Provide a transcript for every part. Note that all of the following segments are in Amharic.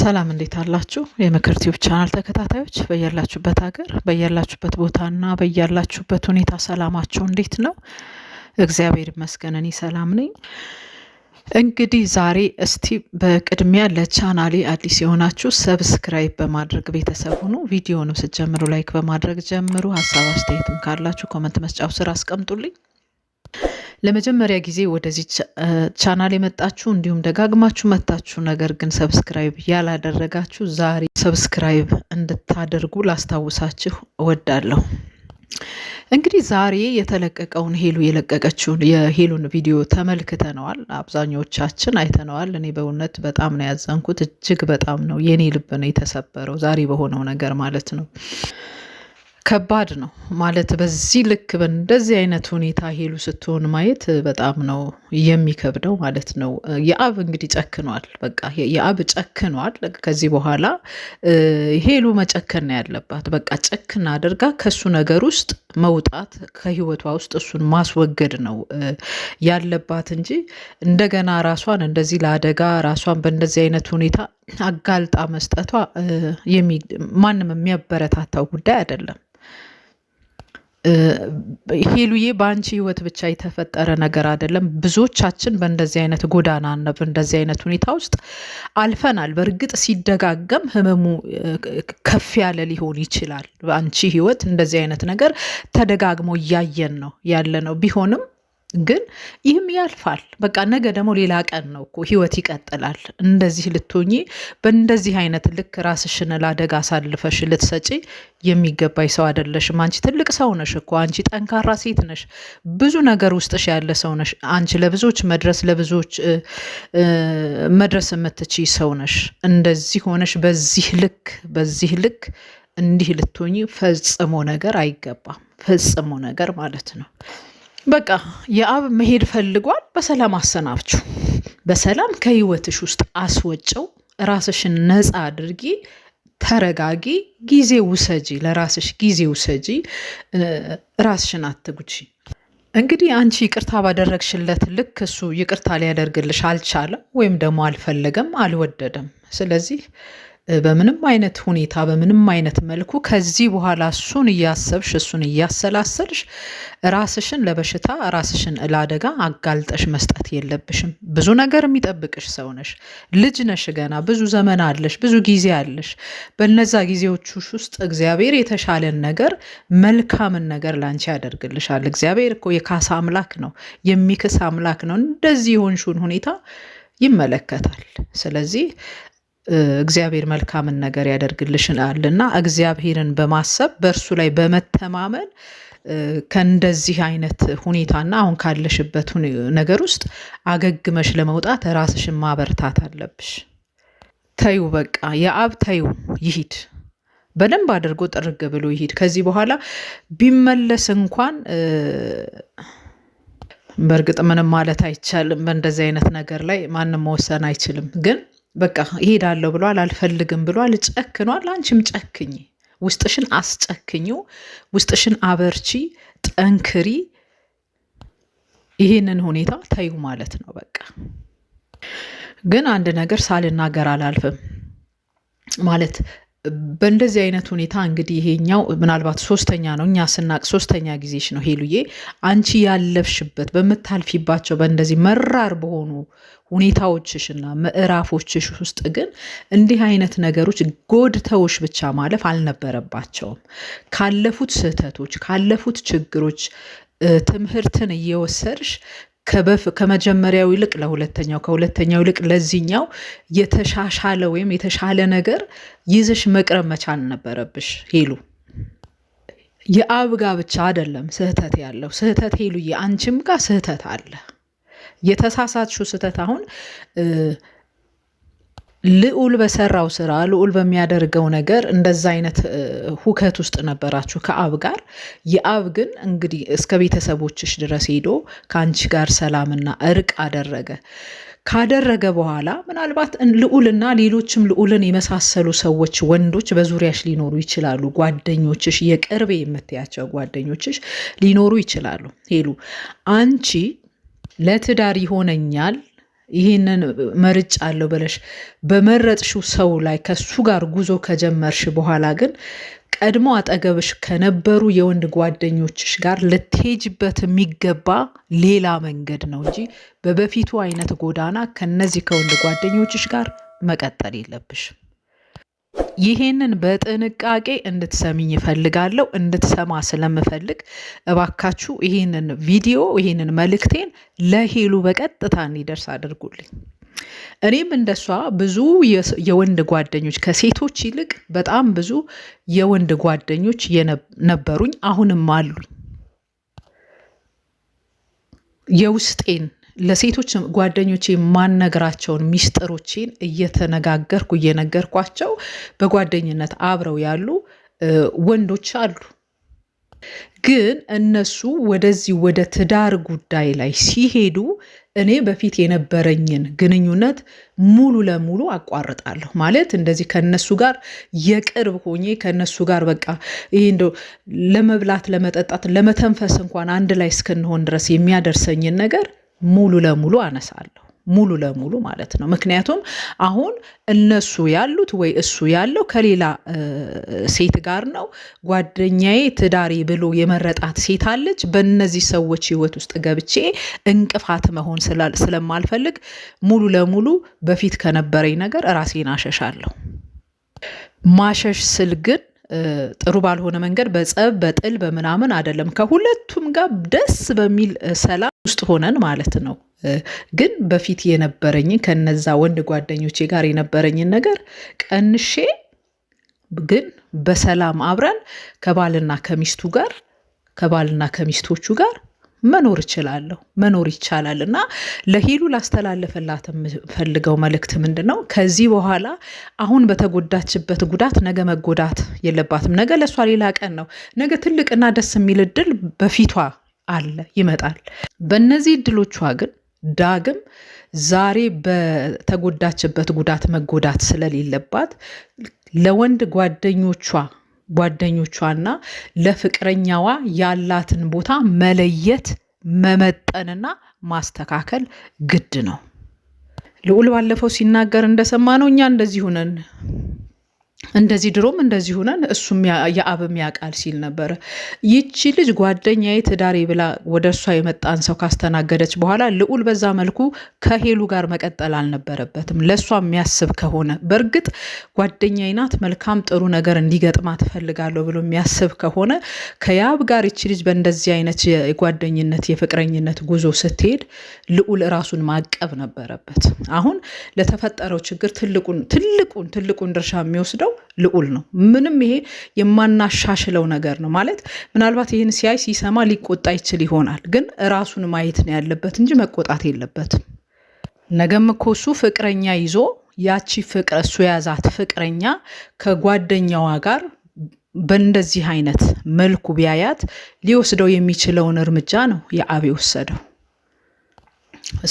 ሰላም እንዴት አላችሁ? የምክር ቲዩብ ቻናል ተከታታዮች በያላችሁበት ሀገር በያላችሁበት ቦታና በያላችሁበት ሁኔታ ሰላማችሁ እንዴት ነው? እግዚአብሔር ይመስገን እኔ ሰላም ነኝ። እንግዲህ ዛሬ እስቲ በቅድሚያ ለቻናሌ አዲስ የሆናችሁ ሰብስክራይብ በማድረግ ቤተሰብ ሁኑ። ቪዲዮንም ስትጀምሩ ላይክ በማድረግ ጀምሩ። ሀሳብ አስተያየትም ካላችሁ ኮመንት መስጫው ስር አስቀምጡልኝ። ለመጀመሪያ ጊዜ ወደዚህ ቻናል የመጣችሁ እንዲሁም ደጋግማችሁ መታችሁ ነገር ግን ሰብስክራይብ ያላደረጋችሁ ዛሬ ሰብስክራይብ እንድታደርጉ ላስታውሳችሁ እወዳለሁ። እንግዲህ ዛሬ የተለቀቀውን ሄሉ የለቀቀችውን የሄሉን ቪዲዮ ተመልክተነዋል። አብዛኞቻችን አይተነዋል። እኔ በእውነት በጣም ነው ያዘንኩት። እጅግ በጣም ነው የኔ ልብ ነው የተሰበረው ዛሬ በሆነው ነገር ማለት ነው። ከባድ ነው ማለት በዚህ ልክ በእንደዚህ አይነት ሁኔታ ሄሉ ስትሆን ማየት በጣም ነው የሚከብደው ማለት ነው። የአብ እንግዲህ ጨክኗል፣ በቃ የአብ ጨክኗል። ከዚህ በኋላ ሄሉ መጨከን ነው ያለባት። በቃ ጨክና አድርጋ ከሱ ነገር ውስጥ መውጣት ከህይወቷ ውስጥ እሱን ማስወገድ ነው ያለባት እንጂ እንደገና ራሷን እንደዚህ ለአደጋ ራሷን በእንደዚህ አይነት ሁኔታ አጋልጣ መስጠቷ ማንም የሚያበረታታው ጉዳይ አይደለም። ሄሉዬ በአንቺ ህይወት ብቻ የተፈጠረ ነገር አይደለም። ብዙዎቻችን በእንደዚህ አይነት ጎዳና ነብ እንደዚህ አይነት ሁኔታ ውስጥ አልፈናል። በእርግጥ ሲደጋገም ህመሙ ከፍ ያለ ሊሆን ይችላል። በአንቺ ህይወት እንደዚህ አይነት ነገር ተደጋግሞ እያየን ነው ያለ ነው ቢሆንም ግን ይህም ያልፋል። በቃ ነገ ደግሞ ሌላ ቀን ነው እኮ ህይወት ይቀጥላል። እንደዚህ ልትሆኚ በእንደዚህ አይነት ልክ ራስሽን ለአደጋ አሳልፈሽ ልትሰጪ የሚገባሽ ሰው አይደለሽም። አንቺ ትልቅ ሰው ነሽ እኮ አንቺ ጠንካራ ሴት ነሽ። ብዙ ነገር ውስጥሽ ያለ ሰው ነሽ። አንቺ ለብዙዎች መድረስ ለብዙዎች መድረስ የምትችይ ሰው ነሽ። እንደዚህ ሆነሽ በዚህ ልክ በዚህ ልክ እንዲህ ልትሆኚ ፈጽሞ ነገር አይገባም። ፈጽሞ ነገር ማለት ነው በቃ የአብ መሄድ ፈልጓል። በሰላም አሰናብችው፣ በሰላም ከህይወትሽ ውስጥ አስወጭው፣ ራስሽን ነፃ አድርጊ፣ ተረጋጊ፣ ጊዜ ውሰጂ፣ ለራስሽ ጊዜ ውሰጂ፣ ራስሽን አትጉጂ። እንግዲህ አንቺ ይቅርታ ባደረግሽለት ልክ እሱ ይቅርታ ሊያደርግልሽ አልቻለም፣ ወይም ደግሞ አልፈለገም፣ አልወደደም። ስለዚህ በምንም አይነት ሁኔታ በምንም አይነት መልኩ ከዚህ በኋላ እሱን እያሰብሽ እሱን እያሰላሰልሽ ራስሽን ለበሽታ ራስሽን ለአደጋ አጋልጠሽ መስጠት የለብሽም። ብዙ ነገር የሚጠብቅሽ ሰው ነሽ። ልጅ ነሽ፣ ገና ብዙ ዘመን አለሽ፣ ብዙ ጊዜ አለሽ። በነዛ ጊዜዎች ውስጥ እግዚአብሔር የተሻለን ነገር መልካምን ነገር ላንቺ ያደርግልሻል። እግዚአብሔር እኮ የካሳ አምላክ ነው፣ የሚክስ አምላክ ነው። እንደዚህ የሆንሽውን ሁኔታ ይመለከታል። ስለዚህ እግዚአብሔር መልካምን ነገር ያደርግልሽናል እና እግዚአብሔርን በማሰብ በእርሱ ላይ በመተማመን ከእንደዚህ አይነት ሁኔታና አሁን ካለሽበት ነገር ውስጥ አገግመሽ ለመውጣት ራስሽን ማበርታት አለብሽ። ተዩ በቃ የአብ ተዩ ይሂድ፣ በደንብ አድርጎ ጥርግ ብሎ ይሂድ። ከዚህ በኋላ ቢመለስ እንኳን በእርግጥ ምንም ማለት አይቻልም። በእንደዚህ አይነት ነገር ላይ ማንም መወሰን አይችልም ግን በቃ እሄዳለሁ ብሏል፣ አልፈልግም ብሏል፣ ጨክኗል። አንቺም ጨክኝ፣ ውስጥሽን አስጨክኙ ውስጥሽን አበርቺ፣ ጠንክሪ። ይህንን ሁኔታ ተዩ ማለት ነው። በቃ ግን አንድ ነገር ሳልናገር አላልፍም ማለት በእንደዚህ አይነት ሁኔታ እንግዲህ ይሄኛው ምናልባት ሶስተኛ ነው እኛ ስናቅ ሶስተኛ ጊዜሽ ነው ሄሉዬ። አንቺ ያለፍሽበት በምታልፊባቸው በእንደዚህ መራር በሆኑ ሁኔታዎችሽና ምዕራፎችሽ ውስጥ ግን እንዲህ አይነት ነገሮች ጎድተውሽ ብቻ ማለፍ አልነበረባቸውም። ካለፉት ስህተቶች ካለፉት ችግሮች ትምህርትን እየወሰድሽ ከመጀመሪያው ይልቅ ለሁለተኛው ከሁለተኛው ይልቅ ለዚህኛው የተሻሻለ ወይም የተሻለ ነገር ይዘሽ መቅረብ መቻል ነበረብሽ ሄሉ። የአብ ጋ ብቻ አይደለም ስህተት ያለው ስህተት ሄሉ፣ የአንቺም ጋር ስህተት አለ። የተሳሳትሽው ስህተት አሁን ልዑል በሰራው ስራ ልዑል በሚያደርገው ነገር እንደዛ አይነት ሁከት ውስጥ ነበራችሁ ከአብ ጋር። የአብ ግን እንግዲህ እስከ ቤተሰቦችሽ ድረስ ሄዶ ከአንቺ ጋር ሰላምና እርቅ አደረገ። ካደረገ በኋላ ምናልባት ልዑልና ሌሎችም ልዑልን የመሳሰሉ ሰዎች ወንዶች በዙሪያሽ ሊኖሩ ይችላሉ። ጓደኞችሽ፣ የቅርቤ የምትያቸው ጓደኞችሽ ሊኖሩ ይችላሉ። ሄሉ አንቺ ለትዳር ይሆነኛል ይህንን መርጭ አለው ብለሽ በመረጥሽው ሰው ላይ ከሱ ጋር ጉዞ ከጀመርሽ በኋላ ግን ቀድሞ አጠገብሽ ከነበሩ የወንድ ጓደኞችሽ ጋር ልትሄጅበት የሚገባ ሌላ መንገድ ነው እንጂ በበፊቱ አይነት ጎዳና ከነዚህ ከወንድ ጓደኞችሽ ጋር መቀጠል የለብሽም። ይሄንን በጥንቃቄ እንድትሰሚኝ እፈልጋለሁ። እንድትሰማ ስለምፈልግ እባካችሁ ይሄንን ቪዲዮ ይሄንን መልእክቴን ለሄሉ በቀጥታ እንዲደርስ አድርጉልኝ። እኔም እንደሷ ብዙ የወንድ ጓደኞች ከሴቶች ይልቅ በጣም ብዙ የወንድ ጓደኞች ነበሩኝ፣ አሁንም አሉኝ። የውስጤን ለሴቶች ጓደኞቼ የማነግራቸውን ሚስጥሮቼን እየተነጋገርኩ እየነገርኳቸው በጓደኝነት አብረው ያሉ ወንዶች አሉ። ግን እነሱ ወደዚህ ወደ ትዳር ጉዳይ ላይ ሲሄዱ እኔ በፊት የነበረኝን ግንኙነት ሙሉ ለሙሉ አቋርጣለሁ። ማለት እንደዚህ ከነሱ ጋር የቅርብ ሆኜ ከነሱ ጋር በቃ ይህ እንደው ለመብላት፣ ለመጠጣት፣ ለመተንፈስ እንኳን አንድ ላይ እስክንሆን ድረስ የሚያደርሰኝን ነገር ሙሉ ለሙሉ አነሳለሁ። ሙሉ ለሙሉ ማለት ነው። ምክንያቱም አሁን እነሱ ያሉት ወይ እሱ ያለው ከሌላ ሴት ጋር ነው። ጓደኛዬ ትዳሪ ብሎ የመረጣት ሴት አለች። በእነዚህ ሰዎች ሕይወት ውስጥ ገብቼ እንቅፋት መሆን ስለማልፈልግ ሙሉ ለሙሉ በፊት ከነበረኝ ነገር ራሴን አሸሻለሁ። ማሸሽ ስል ግን ጥሩ ባልሆነ መንገድ በጸብ በጥል በምናምን አይደለም። ከሁለቱም ጋር ደስ በሚል ሰላም ውስጥ ሆነን ማለት ነው። ግን በፊት የነበረኝን ከነዛ ወንድ ጓደኞቼ ጋር የነበረኝን ነገር ቀንሼ ግን በሰላም አብረን ከባልና ከሚስቱ ጋር ከባልና ከሚስቶቹ ጋር መኖር እችላለሁ፣ መኖር ይቻላል። እና ለሂሉ ላስተላለፈላት የምፈልገው መልእክት ምንድን ነው? ከዚህ በኋላ አሁን በተጎዳችበት ጉዳት ነገ መጎዳት የለባትም። ነገ ለእሷ ሌላ ቀን ነው። ነገ ትልቅና ደስ የሚል እድል በፊቷ አለ፣ ይመጣል። በእነዚህ እድሎቿ ግን ዳግም ዛሬ በተጎዳችበት ጉዳት መጎዳት ስለሌለባት ለወንድ ጓደኞቿ ጓደኞቿና ለፍቅረኛዋ ያላትን ቦታ መለየት መመጠንና ማስተካከል ግድ ነው። ልዑል ባለፈው ሲናገር እንደሰማ ነው እኛ እንደዚህ ሁነን እንደዚህ ድሮም እንደዚህ ሆነን እሱም የአብም ያውቃል ሲል ነበረ። ይቺ ልጅ ጓደኛዬ ትዳሬ ብላ ወደ እሷ የመጣን ሰው ካስተናገደች በኋላ ልዑል በዛ መልኩ ከሄሉ ጋር መቀጠል አልነበረበትም። ለእሷ የሚያስብ ከሆነ በእርግጥ ጓደኛዬ ናት፣ መልካም ጥሩ ነገር እንዲገጥማ ትፈልጋለሁ ብሎ የሚያስብ ከሆነ ከያብ ጋር ይቺ ልጅ በእንደዚህ አይነት የጓደኝነት የፍቅረኝነት ጉዞ ስትሄድ ልዑል ራሱን ማቀብ ነበረበት። አሁን ለተፈጠረው ችግር ትልቁን ትልቁን ትልቁን ድርሻ የሚወስደው ያለው ልዑል ነው። ምንም ይሄ የማናሻሽለው ነገር ነው ማለት ምናልባት ይህን ሲያይ ሲሰማ ሊቆጣ ይችል ይሆናል፣ ግን ራሱን ማየት ነው ያለበት እንጂ መቆጣት የለበትም። ነገም እኮ እሱ ፍቅረኛ ይዞ ያቺ ፍቅረ እሱ የያዛት ፍቅረኛ ከጓደኛዋ ጋር በእንደዚህ አይነት መልኩ ቢያያት ሊወስደው የሚችለውን እርምጃ ነው የአቤ ወሰደው።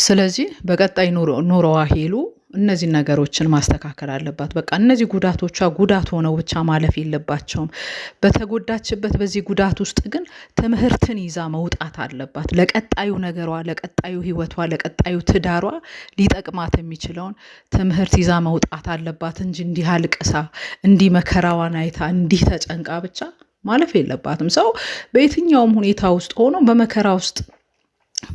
ስለዚህ በቀጣይ ኑሮዋ ሄሉ እነዚህን ነገሮችን ማስተካከል አለባት። በቃ እነዚህ ጉዳቶቿ ጉዳት ሆነው ብቻ ማለፍ የለባቸውም። በተጎዳችበት በዚህ ጉዳት ውስጥ ግን ትምህርትን ይዛ መውጣት አለባት። ለቀጣዩ ነገሯ፣ ለቀጣዩ ህይወቷ፣ ለቀጣዩ ትዳሯ ሊጠቅማት የሚችለውን ትምህርት ይዛ መውጣት አለባት እንጂ እንዲህ አልቅሳ እንዲህ መከራዋን አይታ እንዲህ ተጨንቃ ብቻ ማለፍ የለባትም። ሰው በየትኛውም ሁኔታ ውስጥ ሆኖ በመከራ ውስጥ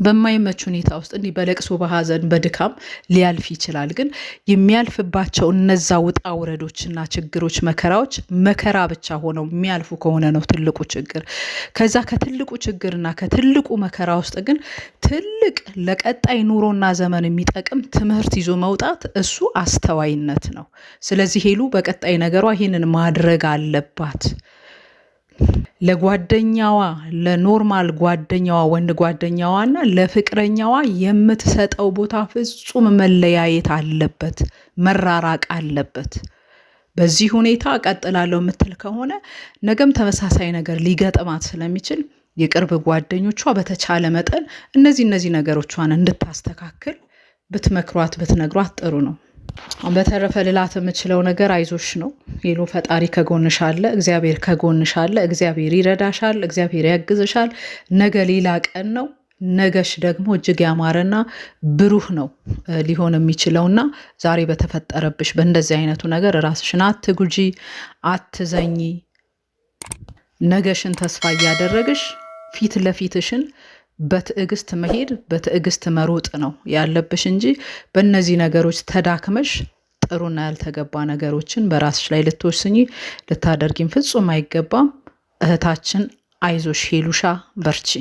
በማይመች ሁኔታ ውስጥ እንዲህ በለቅሶ በሀዘን በድካም ሊያልፍ ይችላል። ግን የሚያልፍባቸው እነዛ ውጣ ውረዶችና ችግሮች፣ መከራዎች መከራ ብቻ ሆነው የሚያልፉ ከሆነ ነው ትልቁ ችግር። ከዛ ከትልቁ ችግርና ከትልቁ መከራ ውስጥ ግን ትልቅ ለቀጣይ ኑሮና ዘመን የሚጠቅም ትምህርት ይዞ መውጣት እሱ አስተዋይነት ነው። ስለዚህ ሄሉ በቀጣይ ነገሯ ይህንን ማድረግ አለባት። ለጓደኛዋ ለኖርማል ጓደኛዋ ወንድ ጓደኛዋ እና ለፍቅረኛዋ የምትሰጠው ቦታ ፍጹም መለያየት አለበት፣ መራራቅ አለበት። በዚህ ሁኔታ እቀጥላለሁ የምትል ከሆነ ነገም ተመሳሳይ ነገር ሊገጥማት ስለሚችል የቅርብ ጓደኞቿ በተቻለ መጠን እነዚህ እነዚህ ነገሮቿን እንድታስተካክል ብትመክሯት ብትነግሯት ጥሩ ነው። በተረፈ ልላት የምችለው ነገር አይዞሽ ነው። ሌሎ ፈጣሪ ከጎንሽ አለ፣ እግዚአብሔር ከጎንሽ አለ፣ እግዚአብሔር ይረዳሻል፣ እግዚአብሔር ያግዝሻል። ነገ ሌላ ቀን ነው። ነገሽ ደግሞ እጅግ ያማረና ብሩህ ነው ሊሆን የሚችለውና ዛሬ በተፈጠረብሽ በእንደዚህ አይነቱ ነገር ራስሽን አትጉጂ፣ አትዘኚ። ነገሽን ተስፋ እያደረግሽ ፊት ለፊትሽን በትዕግስት መሄድ በትዕግስት መሮጥ ነው ያለብሽ እንጂ በእነዚህ ነገሮች ተዳክመሽ ጥሩና ያልተገባ ነገሮችን በራስሽ ላይ ልትወስኝ ልታደርጊም ፍጹም አይገባም። እህታችን አይዞሽ ሄሉሻ በርቺ።